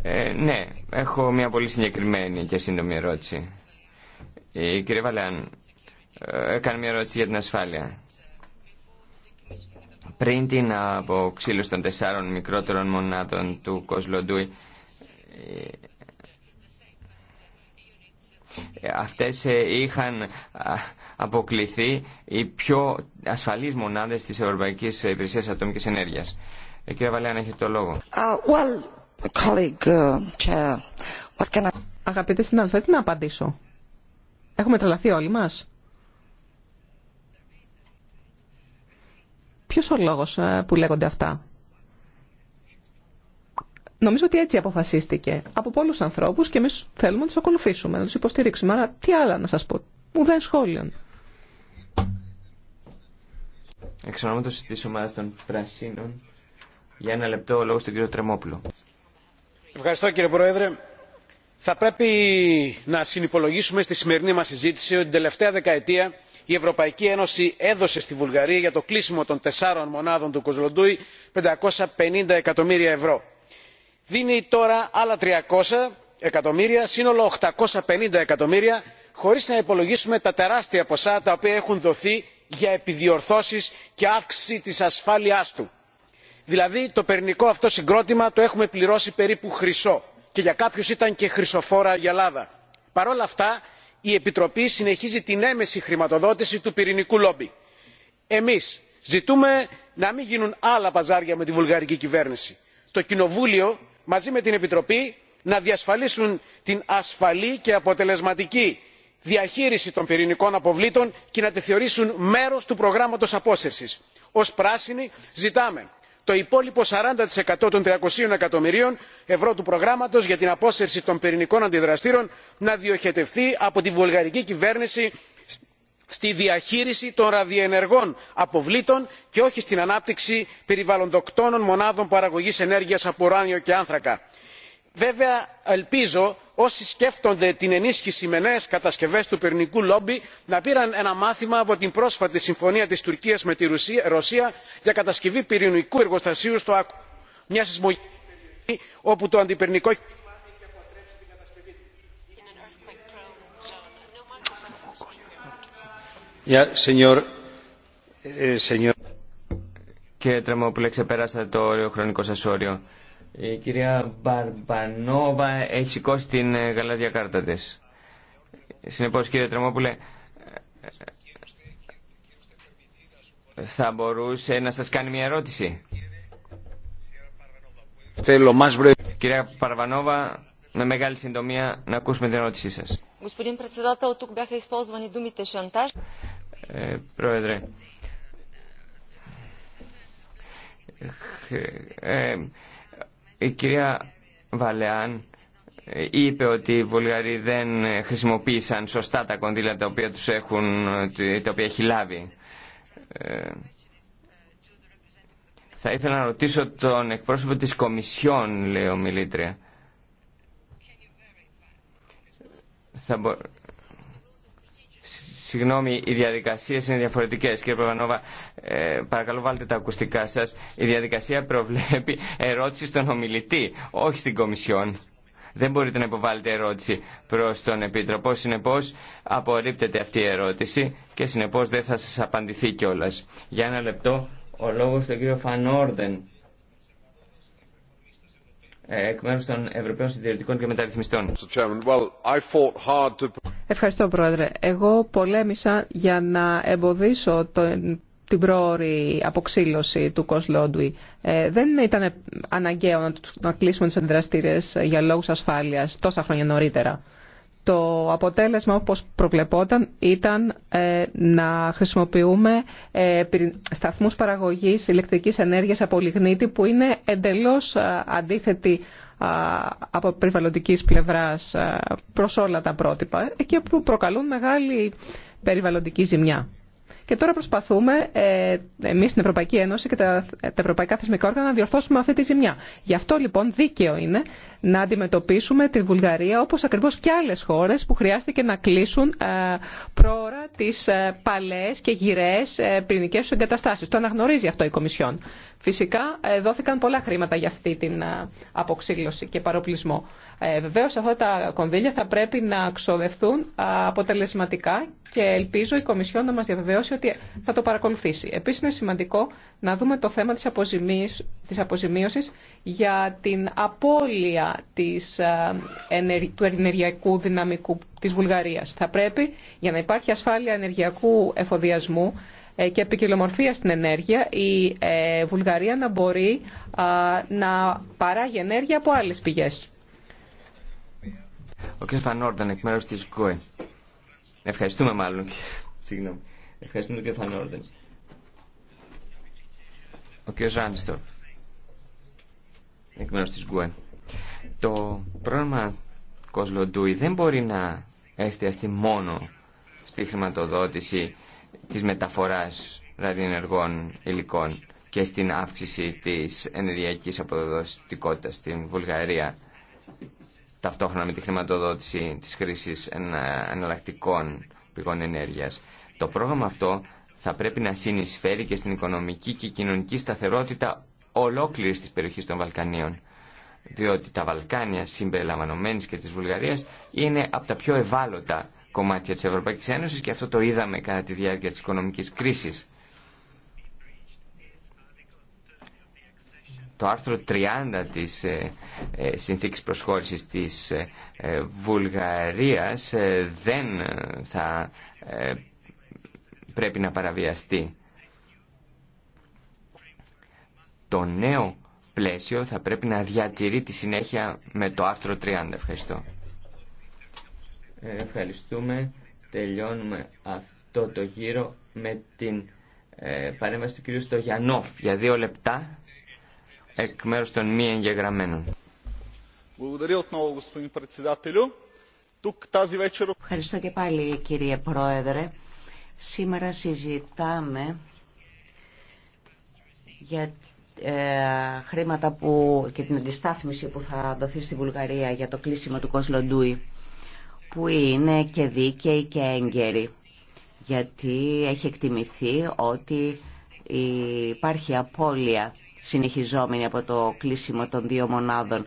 C: Ε, ναι, έχω μια πολύ συγκεκριμένη και σύντομη ερώτηση. Ε, η κυρία Βαλεάν ε, έκανε μια ερώτηση για την ασφάλεια. Πριν την αποξύλωση των τεσσάρων μικρότερων μονάδων του Κοσλοντούι, ε, αυτές είχαν αποκληθεί οι πιο ασφαλείς μονάδες της Ευρωπαϊκής Υπηρεσίας Ατομικής Ενέργειας. Κύριε Βαλέαν, έχει το λόγο.
A: Uh, well, colleague, uh, chair, what can I... Αγαπητέ συνάδελφε, τι να απαντήσω. Έχουμε τρελαθεί όλοι μας. Ποιος ο λόγος ε, που λέγονται αυτά. Νομίζω ότι έτσι αποφασίστηκε από πολλούς ανθρώπους και εμείς θέλουμε να τους ακολουθήσουμε, να τους υποστηρίξουμε. Αλλά τι άλλα να σας πω. Ουδέν σχόλιον.
C: Εξ τη της ομάδας των Πρασίνων, για ένα λεπτό ο λόγος του κύριο Τρεμόπουλο.
D: Ευχαριστώ κύριε Πρόεδρε θα πρέπει να συνυπολογίσουμε στη σημερινή μας συζήτηση ότι την τελευταία δεκαετία η ευρωπαϊκή ένωση έδωσε στη βουλγαρία για το κλείσιμο των τεσσάρων μονάδων του κοζλοντούι 550 εκατομμύρια ευρώ. δίνει τώρα άλλα 300 εκατομμύρια σύνολο 850 εκατομμύρια χωρίς να υπολογίσουμε τα τεράστια ποσά τα οποία έχουν δοθεί για επιδιορθώσεις και αύξηση της ασφάλειάς του. δηλαδή το πυρηνικό αυτό συγκρότημα το έχουμε πληρώσει περίπου χρυσό και για κάποιους ήταν και χρυσοφόρα η ελλάδα. παρ' όλα αυτά η επιτροπή συνεχίζει την έμεση χρηματοδότηση του πυρηνικού λόμπι. εμείς ζητούμε να μην γίνουν άλλα παζάρια με τη βουλγαρική κυβέρνηση. το κοινοβούλιο μαζί με την επιτροπή να διασφαλίσουν την ασφαλή και αποτελεσματική διαχείριση των πυρηνικών αποβλήτων και να τη θεωρήσουν μέρος του προγράμματος απόσυρσης. ως πράσινοι ζητάμε το υπόλοιπο 40% των 300 εκατομμυρίων ευρώ του προγράμματος για την απόσυρση των πυρηνικών αντιδραστήρων να διοχετευθεί από τη βουλγαρική κυβέρνηση στη διαχείριση των ραδιενεργών αποβλήτων και όχι στην ανάπτυξη περιβαλλοντοκτόνων μονάδων παραγωγής ενέργειας από ουράνιο και άνθρακα. βέβαια ελπίζω όσοι σκέφτονται την ενίσχυση με νέε κατασκευέ του πυρηνικού λόμπι να πήραν ένα μάθημα από την πρόσφατη συμφωνία τη τουρκία με τη ρωσία για κατασκευή πυρηνικού εργοστασίου στο άκου μια σεισμογενή όπου το αντιπυρηνικό κίνημα έχει αποτρέψει την
C: κατασκευή του. Ε, Κύριε Τρεμόπουλε, χρονικό η ε, κυρία Μπαρμπανόβα έχει σηκώσει την ε, γαλάζια κάρτα τη. Συνεπώ, κύριε Τρεμόπουλε, ε, θα μπορούσε να σα κάνει μια ερώτηση. Θέλω Κυρία Παρβανόβα, με μεγάλη συντομία να ακούσουμε την ερώτησή σα. πρόεδρε, η κυρία Βαλεάν ε, είπε ότι οι Βουλγαροί δεν χρησιμοποίησαν σωστά τα κονδύλια τα οποία τους έχουν, ε, τα οποία έχει λάβει. Ε, θα ήθελα να ρωτήσω τον εκπρόσωπο της Κομισιόν, λέει ο Μιλήτρια. Θα, Συγγνώμη, οι διαδικασίε είναι διαφορετικέ. Κύριε Παπανόβα, ε, παρακαλώ βάλτε τα ακουστικά σα, Η διαδικασία προβλέπει ερώτηση στον ομιλητή, όχι στην Κομισιόν. Δεν μπορείτε να υποβάλλετε ερώτηση προ τον Επίτροπο. συνεπώ απορρίπτεται αυτή η ερώτηση και συνεπώ δεν θα σα απαντηθεί κιόλα. Για ένα λεπτό, ο λόγο στον κύριο Φανόρδεν. Ε, εκ των Ευρωπαίων Συντηρητικών και
D: Μεταρρυθμιστών.
A: Ευχαριστώ, Πρόεδρε. Εγώ πολέμησα για να εμποδίσω τον την πρόορη αποξήλωση του Κοσλόντουι. Ε, δεν ήταν αναγκαίο να, να κλείσουμε τις αντιδραστήρες για λόγους ασφάλειας τόσα χρόνια νωρίτερα. Το αποτέλεσμα, όπως προβλεπόταν, ήταν ε, να χρησιμοποιούμε ε, σταθμούς παραγωγής ηλεκτρικής ενέργειας από λιγνίτη που είναι εντελώς ε, αντίθετη από περιβαλλοντικής πλευράς προς όλα τα πρότυπα και που προκαλούν μεγάλη περιβαλλοντική ζημιά. Και τώρα προσπαθούμε ε, εμεί στην Ευρωπαϊκή Ένωση και τα, τα ευρωπαϊκά θεσμικά όργανα να διορθώσουμε αυτή τη ζημιά. Γι' αυτό λοιπόν δίκαιο είναι να αντιμετωπίσουμε τη Βουλγαρία όπω ακριβώ και άλλε χώρε που χρειάστηκε να κλείσουν ε, πρόωρα τι ε, και γυρέ ε, πυρηνικέ του εγκαταστάσει. Το αναγνωρίζει αυτό η Κομισιόν. Φυσικά ε, δόθηκαν πολλά χρήματα για αυτή την ε, αποξήλωση και παροπλισμό. Ε, Βεβαίω αυτά τα κονδύλια θα πρέπει να ξοδευτούν αποτελεσματικά και ελπίζω η Κομισιόν να μα διαβεβαιώσει ότι θα το παρακολουθήσει. Επίση είναι σημαντικό να δούμε το θέμα τη της αποζημίωσης για την απώλεια της, του ενεργειακού δυναμικού της Βουλγαρίας. Θα πρέπει για να υπάρχει ασφάλεια ενεργειακού εφοδιασμού ε, και επικοινομορφία στην ενέργεια η ε, Βουλγαρία να μπορεί να παράγει ενέργεια από άλλες πηγές.
C: Ο κ. Φανόρταν, εκ μέρους της ΚΟΕ. Ευχαριστούμε μάλλον. Συγγνώμη. Ευχαριστούμε τον κ. Φανόρταν. Ο κ. Ράνστορ. Εκ μέρους της ΚΟΕ. Το πρόγραμμα Κοσλοντούι δεν μπορεί να εστιαστεί μόνο στη χρηματοδότηση της μεταφοράς ραδιενεργών υλικών και στην αύξηση της ενεργειακής αποδοτικότητας στην Βουλγαρία ταυτόχρονα με τη χρηματοδότηση της χρήσης εναλλακτικών πηγών ενέργειας. Το πρόγραμμα αυτό θα πρέπει να συνεισφέρει και στην οικονομική και κοινωνική σταθερότητα ολόκληρης της περιοχής των Βαλκανίων. Διότι τα Βαλκάνια, συμπεριλαμβανομένης και της Βουλγαρίας, είναι από τα πιο ευάλωτα κομμάτια της Ευρωπαϊκής Ένωσης και αυτό το είδαμε κατά τη διάρκεια της οικονομικής κρίσης. Το άρθρο 30 της ε, ε, συνθήκης προσχώρησης της ε, Βουλγαρίας δεν θα πρέπει να παραβιαστεί. Το νέο πλαίσιο θα πρέπει να διατηρεί τη συνέχεια με το άρθρο 30. Ευχαριστώ. Ε, ευχαριστούμε. Τελειώνουμε αυτό το γύρο με την ε, παρέμβαση του κυρίου Στογιανόφ για δύο λεπτά εκ μέρους των μη εγγεγραμμένων.
B: Ευχαριστώ και πάλι κύριε Πρόεδρε. Σήμερα συζητάμε για ε, χρήματα που, και την αντιστάθμιση που θα δοθεί στη Βουλγαρία για το κλείσιμο του Κοσλοντούι που είναι και δίκαιη και έγκαιροι, Γιατί έχει εκτιμηθεί ότι υπάρχει απώλεια συνεχιζόμενη από το κλείσιμο των δύο μονάδων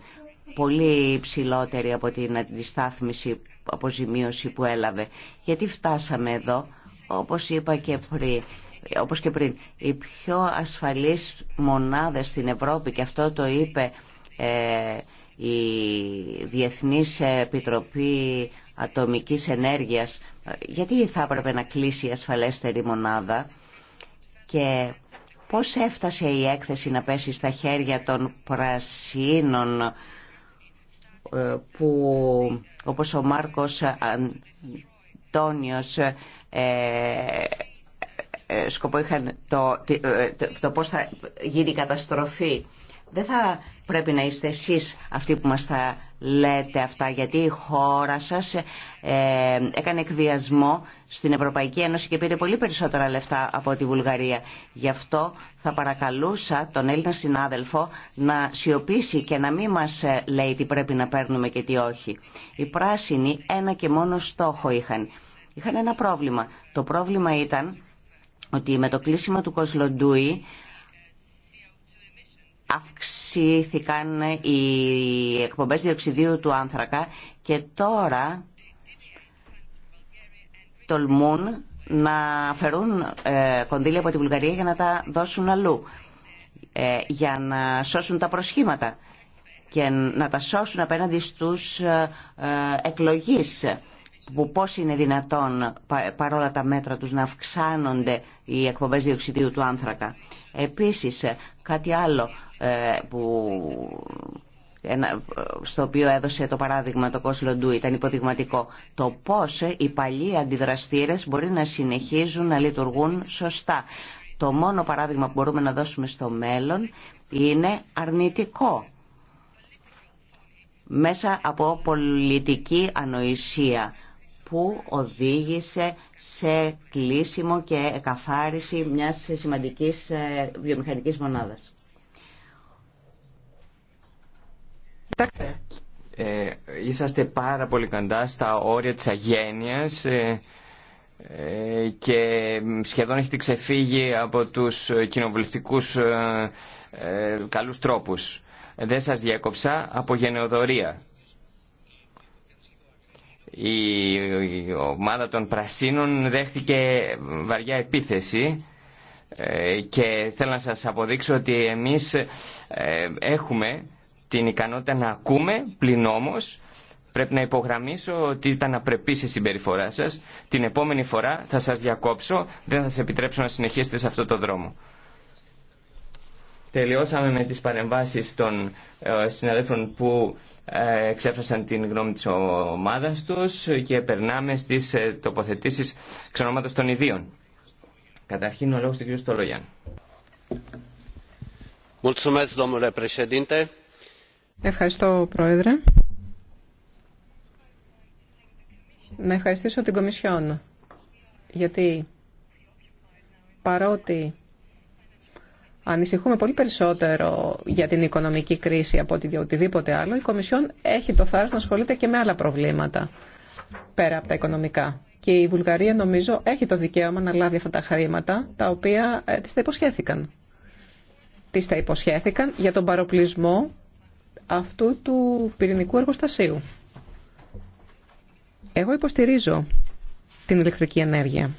B: πολύ υψηλότερη από την αντιστάθμιση αποζημίωση που έλαβε. Γιατί φτάσαμε εδώ, όπως είπα και πριν, όπως και πριν, οι πιο ασφαλείς μονάδες στην Ευρώπη και αυτό το είπε ε, η Διεθνής Επιτροπή ατομικής ενέργειας, γιατί θα έπρεπε να κλείσει η ασφαλέστερη μονάδα και πώς έφτασε η έκθεση να πέσει στα χέρια των πρασίνων ε, που όπως ο Μάρκος Αντώνιος ε, ε, σκοπό είχαν το, το, το πώς θα γίνει η καταστροφή δεν θα πρέπει να είστε εσείς αυτοί που μας θα λέτε αυτά, γιατί η χώρα σας ε, έκανε εκβιασμό στην Ευρωπαϊκή Ένωση και πήρε πολύ περισσότερα λεφτά από τη Βουλγαρία. Γι' αυτό θα παρακαλούσα τον Έλληνα συνάδελφο να σιωπήσει και να μην μας ε, λέει τι πρέπει να παίρνουμε και τι όχι. Οι πράσινοι ένα και μόνο στόχο είχαν. Είχαν ένα πρόβλημα. Το πρόβλημα ήταν ότι με το κλείσιμο του Κοσλοντούι αυξήθηκαν οι εκπομπές διοξιδίου του άνθρακα και τώρα τολμούν να φερούν ε, κονδύλια από τη Βουλγαρία για να τα δώσουν αλλού, ε, για να σώσουν τα προσχήματα και να τα σώσουν απέναντι στους ε, εκλογείς που πώς είναι δυνατόν παρόλα τα μέτρα τους να αυξάνονται οι εκπομπές διοξιδίου του άνθρακα. Επίσης, κάτι άλλο ε, που, στο οποίο έδωσε το παράδειγμα το Κόσλο Ντού ήταν υποδειγματικό. Το πώς οι παλιοί αντιδραστήρες μπορεί να συνεχίζουν να λειτουργούν σωστά. Το μόνο παράδειγμα που μπορούμε να δώσουμε στο μέλλον είναι αρνητικό μέσα από πολιτική ανοησία που οδήγησε σε κλείσιμο και εκαθάριση μιας σημαντικής ε, βιομηχανικής μονάδας.
C: Ε, είσαστε πάρα πολύ κοντά στα όρια της αγένειας ε, ε, και σχεδόν έχετε ξεφύγει από τους κοινοβουλευτικούς ε, καλούς τρόπους. Δεν σας διακόψα από γενεοδορία. Η, η ομάδα των Πρασίνων δέχθηκε βαριά επίθεση και θέλω να σας αποδείξω ότι εμείς έχουμε την ικανότητα να ακούμε, πλην όμω, πρέπει να υπογραμμίσω ότι ήταν απρεπή η συμπεριφορά σα. Την επόμενη φορά θα σα διακόψω, δεν θα σα επιτρέψω να συνεχίσετε σε αυτό το δρόμο. Τελειώσαμε με τις παρεμβάσεις των ε, συναδέλφων που ε, εξέφρασαν την γνώμη της ομάδας τους και περνάμε στις ε, τοποθετήσεις ξενόματος των ιδίων. Καταρχήν ο λόγος του κ. Στολογιάν.
A: Ευχαριστώ, Πρόεδρε. Να ευχαριστήσω την Κομισιόν, γιατί παρότι ανησυχούμε πολύ περισσότερο για την οικονομική κρίση από ότι οτιδήποτε άλλο, η Κομισιόν έχει το θάρρος να ασχολείται και με άλλα προβλήματα πέρα από τα οικονομικά. Και η Βουλγαρία νομίζω έχει το δικαίωμα να λάβει αυτά τα χρήματα τα οποία ε, της τα υποσχέθηκαν. Της τα υποσχέθηκαν για τον παροπλισμό αυτού του πυρηνικού εργοστασίου. Εγώ υποστηρίζω την ηλεκτρική ενέργεια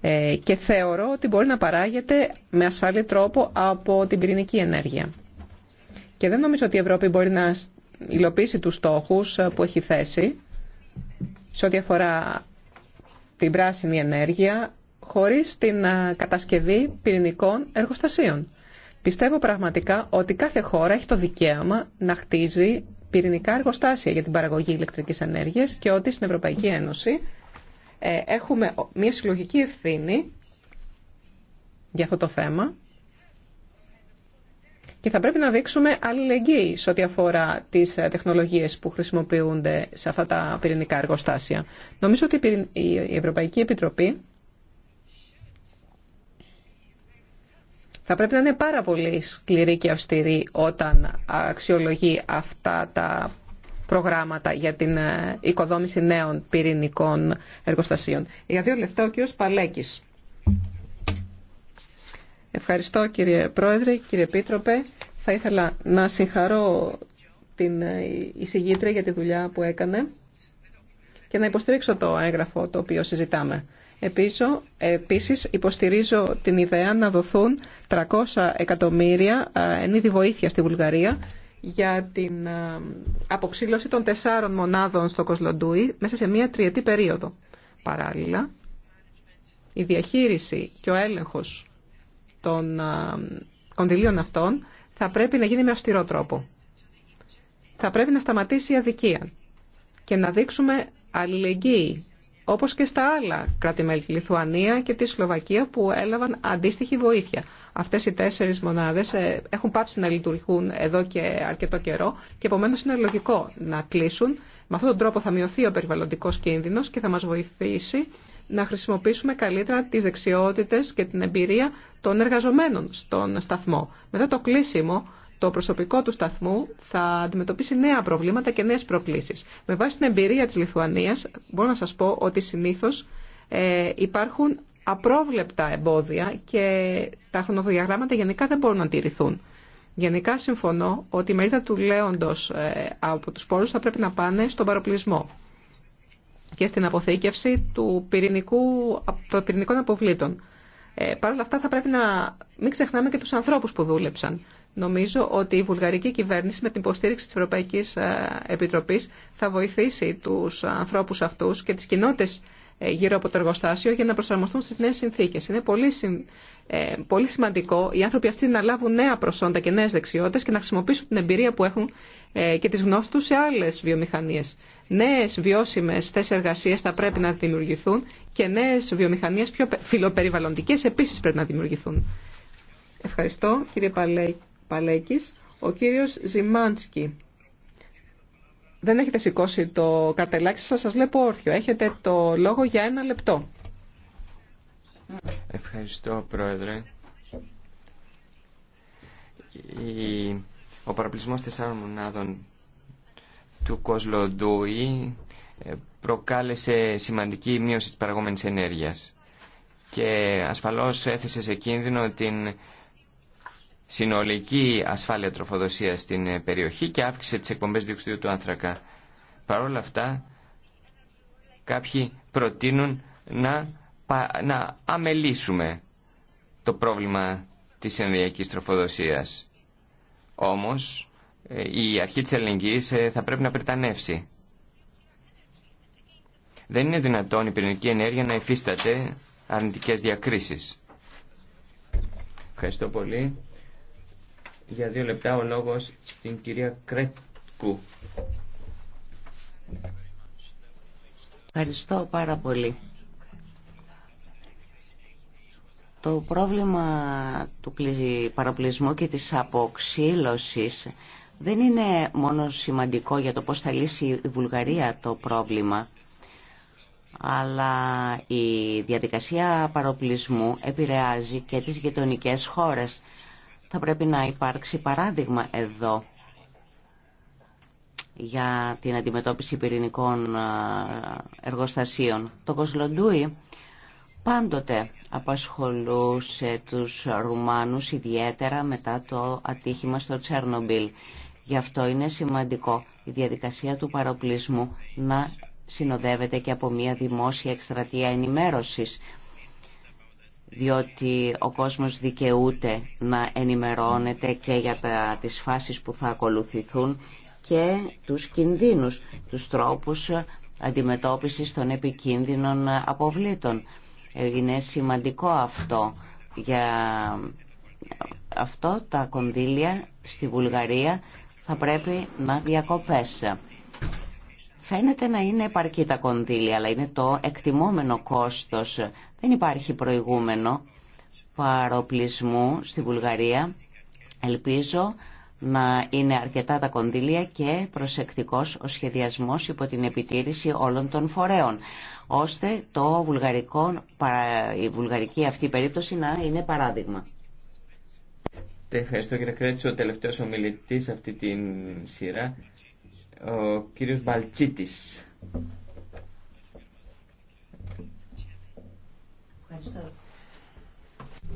A: ε, και θεωρώ ότι μπορεί να παράγεται με ασφαλή τρόπο από την πυρηνική ενέργεια. Και δεν νομίζω ότι η Ευρώπη μπορεί να υλοποιήσει τους στόχους ε, που έχει θέσει σε ό,τι αφορά την πράσινη ενέργεια χωρίς την ε, κατασκευή πυρηνικών εργοστασίων. Πιστεύω πραγματικά ότι κάθε χώρα έχει το δικαίωμα να χτίζει πυρηνικά εργοστάσια για την παραγωγή ηλεκτρικής ενέργειας και ότι στην Ευρωπαϊκή Ένωση ε, έχουμε μια συλλογική ευθύνη για αυτό το θέμα και θα πρέπει να δείξουμε αλληλεγγύη σε ό,τι αφορά τις ε, τεχνολογίες που χρησιμοποιούνται σε αυτά τα πυρηνικά εργοστάσια. Νομίζω ότι η Ευρωπαϊκή Επιτροπή Θα πρέπει να είναι πάρα πολύ σκληρή και αυστηρή όταν αξιολογεί αυτά τα προγράμματα για την ε, οικοδόμηση νέων πυρηνικών εργοστασίων. Για δύο λεπτά ο κύριος Παλέκης. Ευχαριστώ κύριε Πρόεδρε, κύριε Επίτροπε. Θα ήθελα να συγχαρώ την ε, εισηγήτρια για τη δουλειά που έκανε και να υποστηρίξω το έγγραφο το οποίο συζητάμε. Επίσης, επίσης υποστηρίζω την ιδέα να δοθούν 300 εκατομμύρια είδη βοήθεια στη Βουλγαρία για την αποξήλωση των τεσσάρων μονάδων στο Κοσλοντούι μέσα σε μία τριετή περίοδο. Παράλληλα, η διαχείριση και ο έλεγχος των κονδυλίων αυτών θα πρέπει να γίνει με αυστηρό τρόπο. Θα πρέπει να σταματήσει η αδικία και να δείξουμε αλληλεγγύη όπως και στα άλλα κράτη-μέλη, τη Λιθουανία και τη Σλοβακία που έλαβαν αντίστοιχη βοήθεια. Αυτές οι τέσσερις μονάδες ε, έχουν πάψει να λειτουργούν εδώ και αρκετό καιρό και επομένω είναι λογικό να κλείσουν. Με αυτόν τον τρόπο θα μειωθεί ο περιβαλλοντικός κίνδυνος και θα μας βοηθήσει να χρησιμοποιήσουμε καλύτερα τις δεξιότητες και την εμπειρία των εργαζομένων στον σταθμό. Μετά το κλείσιμο το προσωπικό του σταθμού θα αντιμετωπίσει νέα προβλήματα και νέες προκλήσεις. Με βάση την εμπειρία της Λιθουανίας μπορώ να σας πω ότι συνήθως ε, υπάρχουν απρόβλεπτα εμπόδια και τα χρονοδιαγράμματα γενικά δεν μπορούν να τηρηθούν. Γενικά συμφωνώ ότι η μερίδα του λέοντος ε, από τους πόρους θα πρέπει να πάνε στον παροπλισμό και στην αποθήκευση του πυρηνικού, των πυρηνικών αποβλήτων. Ε, Παρ' όλα αυτά θα πρέπει να μην ξεχνάμε και τους ανθρώπους που δούλεψαν. Νομίζω ότι η βουλγαρική κυβέρνηση με την υποστήριξη της Ευρωπαϊκής ε, Επιτροπής θα βοηθήσει τους ανθρώπους αυτούς και τις κοινότητες ε, γύρω από το εργοστάσιο για να προσαρμοστούν στις νέες συνθήκες. Είναι ε, πολύ, σημαντικό οι άνθρωποι αυτοί να λάβουν νέα προσόντα και νέες δεξιότητες και να χρησιμοποιήσουν την εμπειρία που έχουν και τις γνώσεις τους σε άλλες βιομηχανίες. Νέες βιώσιμες θέσεις εργασίας θα πρέπει να δημιουργηθούν και νέες βιομηχανίες πιο φιλοπεριβαλλοντικές επίσης πρέπει να δημιουργηθούν. Ευχαριστώ κύριε Παλέκη. Παλέκης, ο κύριος Ζημάντσκι. Δεν έχετε σηκώσει το καρτελάκι σας, σας βλέπω όρθιο. Έχετε το λόγο για ένα λεπτό.
C: Ευχαριστώ, Πρόεδρε. Ο παραπλησμός τεσσάρων μονάδων του Κοσλοντούι ε, προκάλεσε σημαντική μείωση της παραγόμενης ενέργειας και ασφαλώς έθεσε σε κίνδυνο την συνολική ασφάλεια τροφοδοσία στην ε, περιοχή και αύξησε τις εκπομπές διοξιδίου του άνθρακα. Παρ' όλα αυτά, κάποιοι προτείνουν να, να αμελήσουμε το πρόβλημα της ενεργειακή τροφοδοσίας. Όμως, ε, η αρχή της ελληνική ε, θα πρέπει να περτανεύσει. Δεν είναι δυνατόν η πυρηνική ενέργεια να υφίσταται αρνητικές διακρίσεις. Ευχαριστώ πολύ.
B: Για δύο λεπτά ο λόγος στην κυρία Κρέτκου. Ευχαριστώ πάρα πολύ. Το πρόβλημα του παραπλησμού και της αποξύλωσης δεν είναι μόνο σημαντικό για το πώς θα λύσει η Βουλγαρία το πρόβλημα, αλλά η διαδικασία παροπλισμού επηρεάζει και τις γειτονικές χώρες. Θα πρέπει να υπάρξει παράδειγμα εδώ για την αντιμετώπιση πυρηνικών εργοστασίων. Το Κοσλοντούι πάντοτε απασχολούσε τους Ρουμάνους ιδιαίτερα μετά το ατύχημα στο Τσέρνομπιλ. Γι' αυτό είναι σημαντικό η διαδικασία του παροπλισμού να συνοδεύεται και από μια δημόσια εκστρατεία ενημέρωσης διότι ο κόσμος δικαιούται να ενημερώνεται και για τα, τις φάσεις που θα ακολουθηθούν και τους κινδύνους, τους τρόπους αντιμετώπισης των επικίνδυνων αποβλήτων. Είναι σημαντικό αυτό. Για αυτό τα κονδύλια στη Βουλγαρία θα πρέπει να διακοπές. Φαίνεται να είναι επαρκή τα κονδύλια, αλλά είναι το εκτιμόμενο κόστος δεν υπάρχει προηγούμενο παροπλισμού στη Βουλγαρία. Ελπίζω να είναι αρκετά τα κονδύλια και προσεκτικός ο σχεδιασμός υπό την επιτήρηση όλων των φορέων ώστε το βουλγαρικό, η βουλγαρική αυτή περίπτωση να είναι παράδειγμα. Ευχαριστώ κύριε Κρέτσο. Ο τελευταίος ομιλητής αυτή την σειρά, ο κύριος Μπαλτσίτης.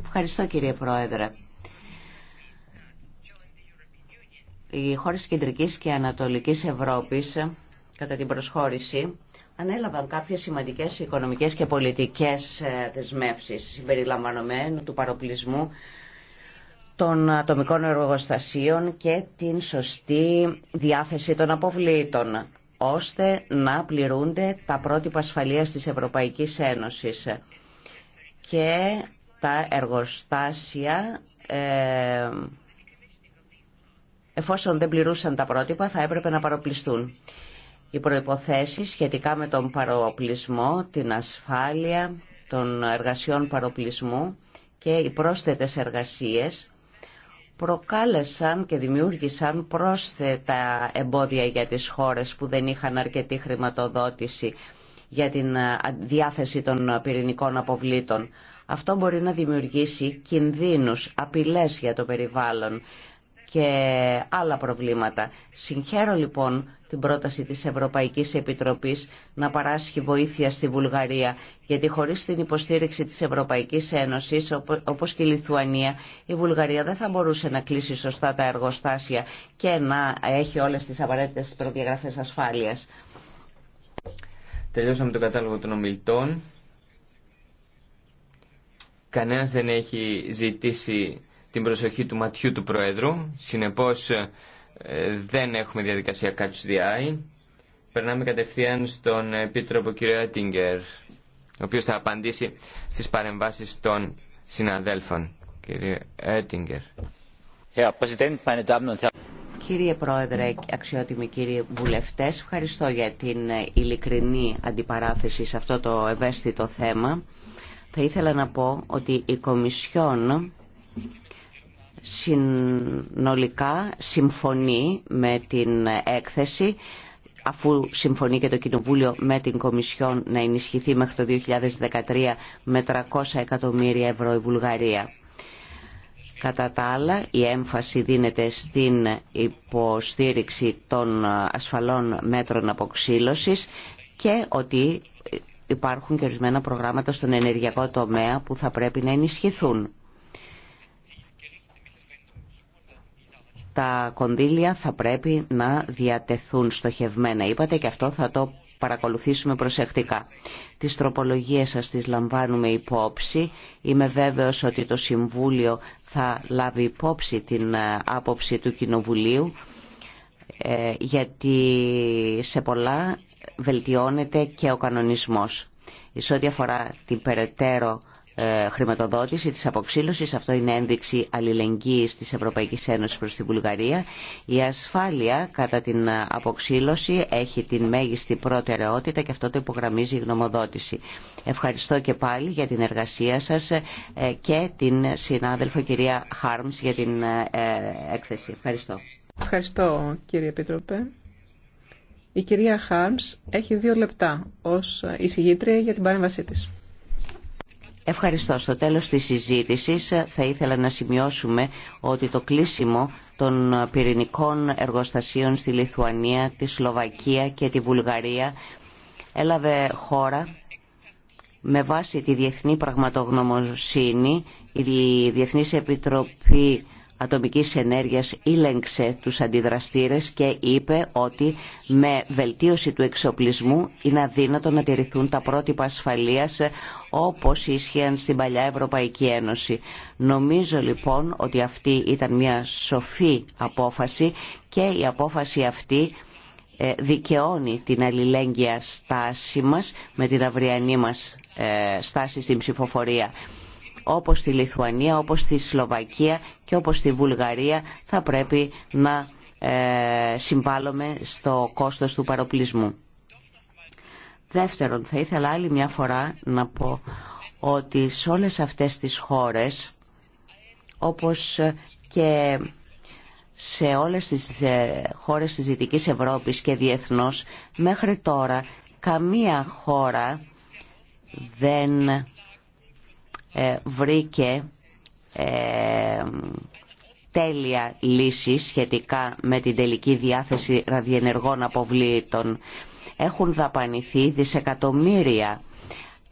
B: Ευχαριστώ. κύριε Πρόεδρε. Οι χώρες Κεντρικής και Ανατολικής Ευρώπης κατά την προσχώρηση ανέλαβαν κάποιες σημαντικές οικονομικές και πολιτικές ε, δεσμεύσεις συμπεριλαμβανομένου του παροπλισμού των ατομικών εργοστασίων και την σωστή διάθεση των αποβλήτων ώστε να πληρούνται τα πρότυπα ασφαλείας της Ευρωπαϊκής Ένωσης και τα εργοστάσια ε, εφόσον δεν πληρούσαν τα πρότυπα θα έπρεπε να παροπλιστούν. Οι προϋποθέσεις σχετικά με τον παροπλισμό, την ασφάλεια των εργασιών παροπλισμού και οι πρόσθετες εργασίες προκάλεσαν και δημιούργησαν πρόσθετα εμπόδια για τις χώρες που δεν είχαν αρκετή χρηματοδότηση για την ε, διάθεση των ε, πυρηνικών αποβλήτων. Αυτό μπορεί να δημιουργήσει κινδύνους, απειλές για το περιβάλλον και άλλα προβλήματα. Συγχαίρω λοιπόν την πρόταση της Ευρωπαϊκής Επιτροπής να παράσχει βοήθεια στη Βουλγαρία, γιατί χωρίς την υποστήριξη της Ευρωπαϊκής Ένωσης, όπως και η Λιθουανία, η Βουλγαρία δεν θα μπορούσε να κλείσει σωστά τα εργοστάσια και να έχει όλες τις απαραίτητες προδιαγραφές ασφάλειας.
C: Τελειώσαμε το κατάλογο των ομιλητών. Κανένας δεν έχει ζητήσει την προσοχή του ματιού του Προέδρου. Συνεπώς ε, δεν έχουμε διαδικασία catch the eye. Περνάμε κατευθείαν στον Επίτροπο κ. Έτιγκερ, ο οποίος θα απαντήσει στις παρεμβάσεις των συναδέλφων. Κύριε Έτιγκερ.
B: Κύριε Πρόεδρε, αξιότιμοι κύριοι βουλευτές, ευχαριστώ για την ε, ειλικρινή αντιπαράθεση σε αυτό το ευαίσθητο θέμα. Θα ήθελα να πω ότι η Κομισιόν συνολικά συμφωνεί με την έκθεση αφού συμφωνεί και το Κοινοβούλιο με την Κομισιόν να ενισχυθεί μέχρι το 2013 με 300 εκατομμύρια ευρώ η Βουλγαρία. Κατά τα άλλα, η έμφαση δίνεται στην υποστήριξη των ασφαλών μέτρων αποξύλωσης και ότι υπάρχουν και ορισμένα προγράμματα στον ενεργειακό τομέα που θα πρέπει να ενισχυθούν. Τα κονδύλια θα πρέπει να διατεθούν στοχευμένα. Είπατε και αυτό θα το παρακολουθήσουμε προσεκτικά. Τις τροπολογίες σας τις λαμβάνουμε υπόψη. Είμαι βέβαιος ότι το Συμβούλιο θα λάβει υπόψη την ε, άποψη του Κοινοβουλίου ε, γιατί σε πολλά βελτιώνεται και ο κανονισμός. Σε ό,τι αφορά την περαιτέρω ε, χρηματοδότηση της αποξύλωσης. Αυτό είναι ένδειξη αλληλεγγύης της Ευρωπαϊκής Ένωσης προς την Βουλγαρία. Η ασφάλεια κατά την αποξύλωση έχει την μέγιστη προτεραιότητα και αυτό το υπογραμμίζει η γνωμοδότηση. Ευχαριστώ και πάλι για την εργασία σας ε, και την συνάδελφο κυρία Χάρμς για την ε, έκθεση. Ευχαριστώ.
A: Ευχαριστώ κύριε Επίτροπε. Η κυρία Χάρμς έχει δύο λεπτά ως εισηγήτρια για την παρέμβασή της.
B: Ευχαριστώ. Στο τέλος της συζήτησης θα ήθελα να σημειώσουμε ότι το κλείσιμο των πυρηνικών εργοστασίων στη Λιθουανία, τη Σλοβακία και τη Βουλγαρία έλαβε χώρα με βάση τη διεθνή πραγματογνωμοσύνη η Διεθνής Επιτροπή Ατομικής Ενέργειας ήλεγξε τους αντιδραστήρες και είπε ότι με βελτίωση του εξοπλισμού είναι αδύνατο να τηρηθούν τα πρότυπα ασφαλείας όπως ίσχυαν στην παλιά Ευρωπαϊκή Ένωση. Νομίζω λοιπόν ότι αυτή ήταν μια σοφή απόφαση και η απόφαση αυτή ε, δικαιώνει την αλληλέγγυα στάση μας με την αυριανή μας ε, στάση στην ψηφοφορία όπως στη Λιθουανία, όπως στη Σλοβακία και όπως στη Βουλγαρία θα πρέπει να ε, συμβάλλουμε στο κόστος του παροπλισμού. Δεύτερον, θα ήθελα άλλη μια φορά να πω ότι σε όλες αυτές τις χώρες, όπως και σε όλες τις ε, χώρες της Δυτικής Ευρώπης και διεθνώς, μέχρι τώρα καμία χώρα δεν ε, βρήκε ε, τέλεια λύση σχετικά με την τελική διάθεση ραδιενεργών αποβλήτων. Έχουν δαπανηθεί δισεκατομμύρια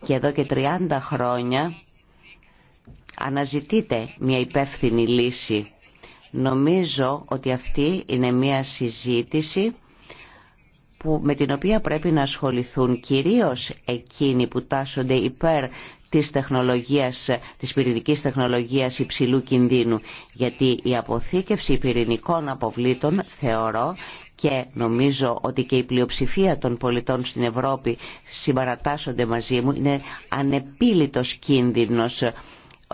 B: και εδώ και 30 χρόνια αναζητείται μια υπεύθυνη λύση. Νομίζω ότι αυτή είναι μια συζήτηση που, με την οποία πρέπει να ασχοληθούν κυρίως εκείνοι που τάσσονται υπέρ της τεχνολογίας, της πυρηνικής τεχνολογίας υψηλού κινδύνου. Γιατί η αποθήκευση πυρηνικών αποβλήτων θεωρώ και νομίζω ότι και η πλειοψηφία των πολιτών στην Ευρώπη συμπαρατάσσονται μαζί μου, είναι ανεπίλητος κίνδυνος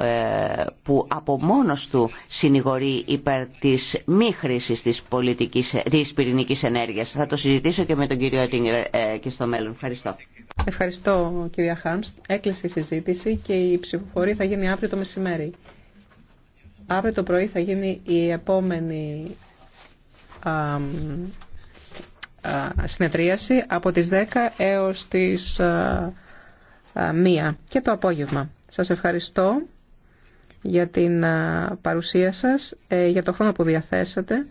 B: ε, που από μόνος του συνηγορεί υπέρ της μη χρήσης της, πολιτικής, της πυρηνικής ενέργειας. Θα το συζητήσω και με τον κύριο Έτιγκερ και στο μέλλον. Ευχαριστώ.
A: Ευχαριστώ κυρία Χάμστ. Έκλεισε η συζήτηση και η ψηφοφορία θα γίνει αύριο το μεσημέρι. Αύριο το πρωί θα γίνει η επόμενη συνεδρίαση από τις 10 έως τις 1 και το απόγευμα. Σας ευχαριστώ για την ε, παρουσία σας, ε, για το χρόνο που διαθέσατε.